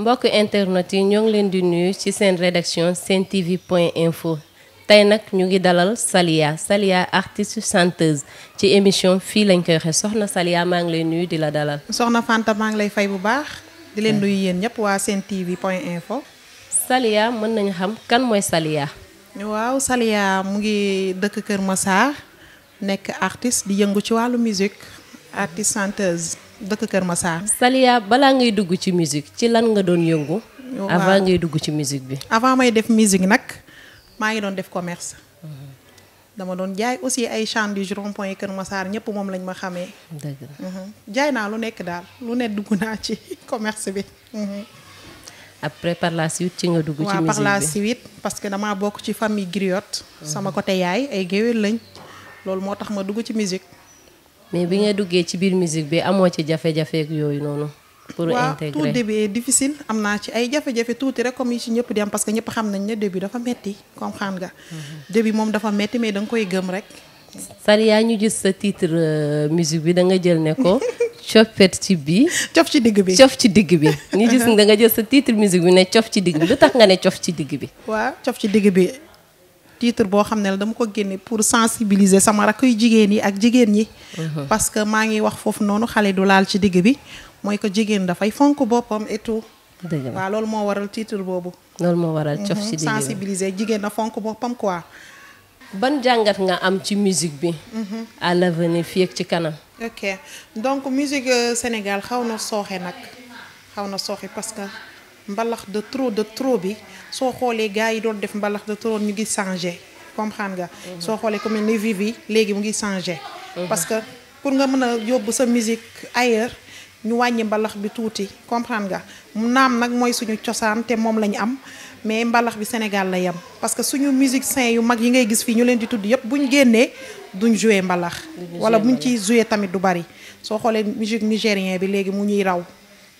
mbokk internet yi ñoo ngi leen di nuyu ci seen rédaction sen tv point info tey nag ñu ngi dalal Saliya Saliya artiste chanteuse ci émission fii lañ koy waxee soxna Saliya maa ngi lay nuyu di la dalal. soxna Fanta maa ngi lay fay bu baax. di leen eh. nuyu yéen ñëpp waa sen tv point info. Saliya mën nañu xam kan mooy Saliya. waaw Saliya mu ngi dëkk Kër Massar nekk artiste di yëngu ci wàllu musique artiste chanteuse. dëkk Kër ma Massar. Saliya bala ngay dugg ci musique ci lan nga doon yëngu. avant ngay dugg ci musique bi. avant may def musique nak maa ngi doon def commerce. dama doon jaay aussi ay chant du rond point Kër ma Massar ñëpp moom lañ ma xamee. dëgg mhm. jaay naa lu nekk daal lu ne dugg naa ci commerce bi. Mhm. après par la suite ci nga dugg ci musique bi par la suite parce que dama bokk ci famille griotte. sama côté yaay ay géwél lañ loolu moo tax ma dugg ci musique. mais bi nga duggee ci biir musique bi amoo ci jafe-jafeek yooyu noonu. pour intégrer waaw tout début est am naa ci ay jafe-jafe tuuti rek comme yi ci ñëpp dem am parce que ñëpp xam nañ ne début dafa metti comme xam nga. Mhm. début moom dafa metti mais danga koy gëm rek. Saliya ñu gis sa titre euh, musique bi da nga jël ne ko coppet ci bi cof ci digg bi cof ci digg bi ñu gis da nga jël sa titre musique bi ne cof ci digg bi lu tax nga ne cof ci digg bi. waaw cof ci digg bi. titre boo xam ne la dama ko génne pour sensibiliser sama rakk yu jigéen yi ak jigéen ñi uh-huh. parce que maa ngi wax foofu noonu xale du laal ci digg bi mooy ko jigéen dafay fonk boppam et tout waaw loolu moo waral titre boobu loolu moo waral cof mhm, ci digg bi sensibiliser jigéen na fonk boppam quoi ban jàngat nga am ci musique bi mhm. à l'avenir fii ci kanam ok donc musique euh, Sénégal xaw na sooxe nag xaw na sooxe parce mbalax de trop de trop bi soo xoolee gars yi doon def mbalax de trop ñu ngi changé comprendre nga. Mhm. soo xoolee comme ni vie bi léegi mu ngi changé. Mhm. parce que pour nga mën a yóbbu sa musique ailleurs ñu wàññi mbalax bi tuuti comprendre nga mu naam nag mooy suñu cosaan te moom la ñu am mais mbalax bi Sénégal la yem parce que suñu musiciens yu mag yi ngay gis fii ñu leen di tudd yëpp bu ñu génnee duñ joué mbalax. wala buñ ci joué tamit du bari soo xoolee musique nigérien bi léegi mu ñuy raw.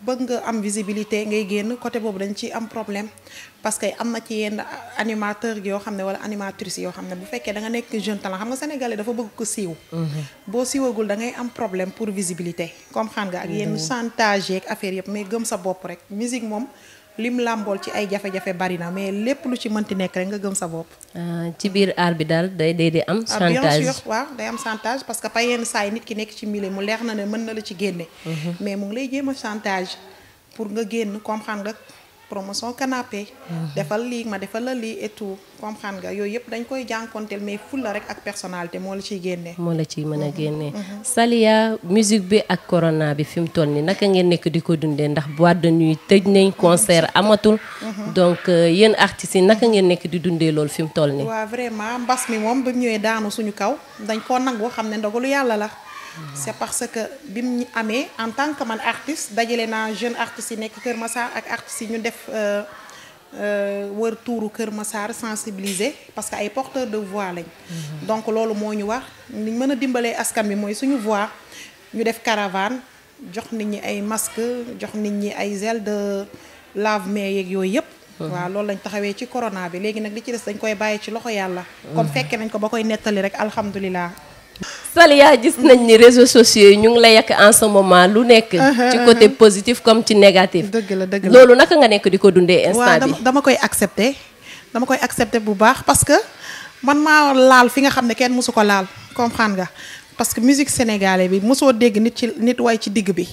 bëgg nga am visibilité ngay génn côté boobu dañ ci am problème parce que am na ci yenn animateur yoo xam ne wala animatrice yoo xam ne bu fekkee da nga nekk jeune talent xam nga sénégalais dafa bëgg ko siiw mhm. boo siwagul da ngay am problème pour visibilité comme xam nga ak yenn mhm. chantage yeeg affaire yëpp mais gëm sa bopp rek musique moom lim làmbool ci ay jafe-jafe bari na mais lépp lu ci mënti nekk rek nga gëm sa bopp. Ah, ci biir aar bi daal day day di am. chantage ah, bien sûr waaw day am chantage parce que pa yenn saa nit ki nekk ci milieu mu leex na ne mën na la ci génne. Mhm. mais mu ngi lay jéem a chantage pour nga génn comme xam nga promotion canapé. Mhm. defal lii ma defal la lii et tout comprendre nga yooyu yëpp dañ koy jànkonteel mais fulla rek ak personnalité moo la ciy génnee. moo la ciy mën a mhm. génnee. Mhm. Saliya musique bi ak corona bi fi mu toll nii naka ngeen nekk di ko dundee ndax boîte de nuit tëj nañ concert amatul. donc euh, yéen artistes si naka ngeen nekk di dundee loolu fi mu toll ni waaw vraiment mbas mi moom bi ñëwee daanu suñu kaw dañ koo nangu xam ne ndogalu yàlla la. c'est parce que bim mu amee en tant que man artiste dajale naa jeune artiste nek keur Kër Massar ak artiste ñu def euh, euh wër touru keur Massar sensibiliser parce que ay porteurs de voix lañ. Mhm. donc lolu mo ñu wax ni mëna dimbalé dimbalee askan bi moy suñu voix ñu def caravane jox nit ñi ay masques jox nit ñi ay gel de lave-mains yeeg yooyu yëpp. Ah. waaw loolu lañ taxawé ci corona bi légui nak li ci dess dañ koy bayé ci loxo yalla ah. comme fekké nañ ko bakoy netali rek alhamdoulillah Saliya gis nañ ni réseaux sociaux yi ñu ngi lay yàq en ce moment lu nekk. ci côté positif comme ci négatif. dëgg la dëgg loolu naka nga nekk di ko dundee instant bi dama koy accepter dama koy accepter bu baax parce que man maa laal fi nga xam ne kenn mosu ko laal comprendre nga parce que musique sénégalais bi mosoo dégg nit ci nit way ci digg bi.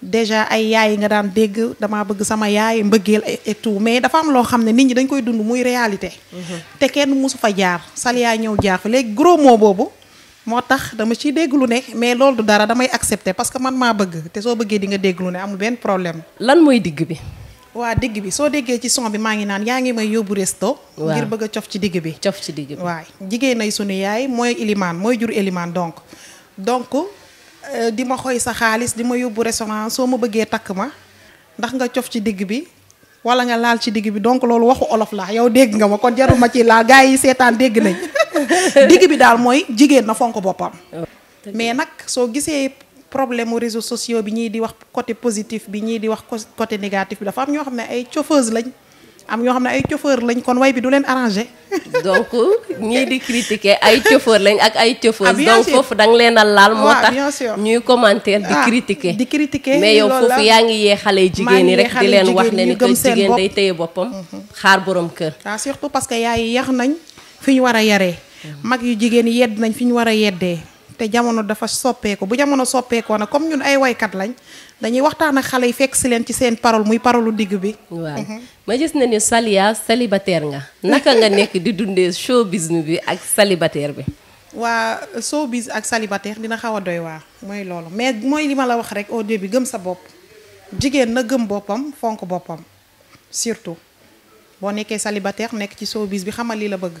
déjà ay yaay yi nga daan dégg damaa bëgg sama yaay mbëggeel et tout mais dafa am loo xam ne nit ñi dañ koy dund muy réalité. Mhm. te kenn mosu fa jaar Saliya ñëw jaar fa léegi boobu. motax dama ci déglu lu ne mais loolu du dara damay accepter parce que man ma bëgg té so bëggé di nga déglu lu ne amul ben problème. lan moy digg bi. wa digg bi so déggé ci son bi ma ngi nan yaa ngi may yóbbu resto. ngir bëgg ciof ci digg bi. ciof ci digg bi waay jigéen ay sunu yaay moy ilimaan moy jur ilimaan donc. donc euh, di ma xoy sa xaliss di ma yóbbu restaurant so ma bëggé tak ma ndax nga ciof ci digg bi. wala nga laal ci digg bi donc loolu waxu olof la yow dégg nga ma kon jaruma ci la gaay yi seetaan dégg nañ. digg bi daal mooy jigéen na fonk boppam. Oh. mais nag soo gisee problème mu réseaux sociaux bi ñii di wax côté positif bi ñii di wax côté négatif bi dafa am ñoo xam ne ay chauffeuse lañ. am ñoo xam ne ay chauffeur lañ kon way bi du leen arrangé. donc ñii di critiquer ay chauffeur lañ ak ay ah, chauffeurs. donc foofu da leen a laal moo tax ñuy commentaire di ah, critiquer. di critiquer mais yow foofu yaa ngi yee xale jigéen ñi rek di leen wax leen gëm seen jigéen day téye boppam. Mm-hmm. xaar borom kër. Ah, surtout yaay yax fi ñu war a yaree mag yu jigéen yi yedd nañ fi ñu war a yeddee te jamono dafa soppeeku bu jamono soppeekoo nag comme ñun ay woykat lañ dañuy waxtaan ak xale yi fekk si leen ci seen parole muy parole digg bi. waaw mhm. ma gis na ni Saliya célibataire nga naka nga nekk di dundee showbiz bi ak célibataire bi. waa showbiz ak célibataire dina xaw a doy waa mooy loolu mais mooy li ma la wax rek au bi gëm sa bopp jigéen na gëm boppam fonk boppam surtout boo nekkee célibataire nekk ci showbiz bi xamal li la bëgg.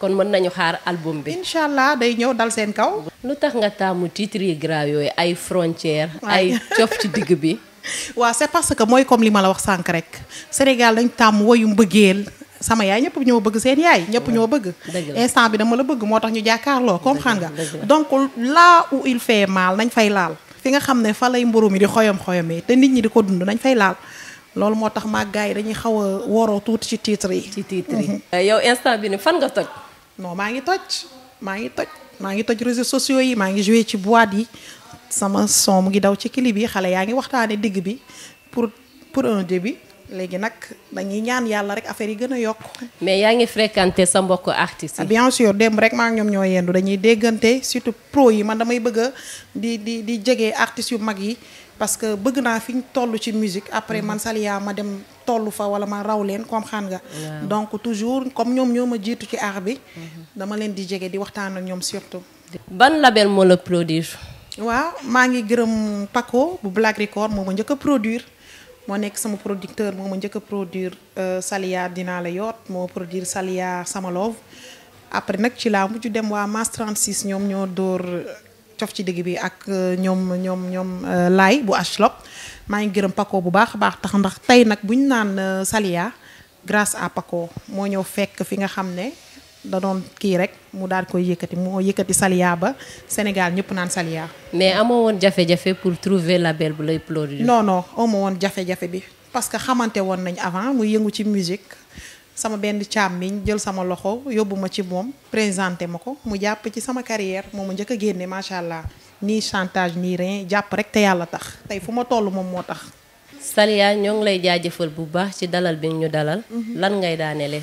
kon mën nañu xaar album bi. incha allah day ñëw dal seen kaw. lu tax nga taamu titre grave yooyu ay frontières. ay cof ci digg bi. waaw c'est parce que mooy comme li ma la wax sànq rek Sénégal dañ tàmm woyu mbëggeel sama yaay ñëpp ñoo bëgg seen yaay ñëpp ñoo bëgg instant bi dama la bëgg moo tax ñu jàkkaarloo comprendre nga donc là où il fait fay laal fi nga xam ne fa lay mburu mi di xoyom xoyomee te nit ñi di ko dund nañ fay laal loolu moo tax maa gars yi dañuy xaw woroo tuuti ci tiitre yi ci titre mhm. euh, yow instant bi ni fan nga toj não mangi toj, mangi toj mangi toj réseaux sociaux yi mangi joué ci boîte yi sama son mu ngi daw ci clip yi xale yaa ngi waxtaane digg bi pour pour un début léegi nag dañuy ñaan yàlla rek affaire yi gën a yokk mais yaa ngi fréquenté sa mbokk artistes yi ah, bien sûr démb rek maa ngi ñoom ñoo yendu dañuy déggante surtout pro yi man damay bëgg di di di jege artistes yu mag yi parce que bëgg naa fi ñu toll ci musique après man mhm. Saliya ma dem toll fa wala ma raw leen comme xam nga donc toujours comme ñoom ñoo ma jiitu ci aar bi mhm. dama leen di jege di waxtaan ak ñoom surtout ban label moo la produire waa maa ngi gërëm Paco bu Black Record ma njëkk a moo nekk sama producteur moo ma njëkk a produire euh, Saliya dinaa la yoot moo produire Saliya sama love après nag ci laa mujj dem waa Mass 36 ñoom ñoo dóor euh, cof ci digg bi ak euh, ñoom ñoom ñoom laay bu Ashlop maa ngi gërëm Paco bu baax a baax tax ndax tey nag bu ñu naan Saliya grace à Paco moo ñëw fekk fi nga xam ne. da doon kii rek mu daal koy yëkkati moo yëkkati Saliya ba Sénégal ñëpp naan Saliya. mais amoo woon jafe-jafe pour trouver label bu lay produire. non non amoo woon jafe-jafe bi parce que xamante woon nañu avant muy yëngu ci musique sama benn càmmiñ jël sama loxo yóbbu ma ci moom présenté ma ko mu jàpp ci sama carrière moom ma njëkk a génne macha allah nii chantage nii rien jàpp rek te yàlla tax tey fu ma toll moom moo tax. Saliya ñoo ngi lay jaajëfal bu baax ci dalal bi ñu dalal. Mhm. lan ngay daanelee.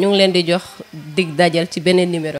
ñu ngi leen di jox dig dajal ci beneen numéro.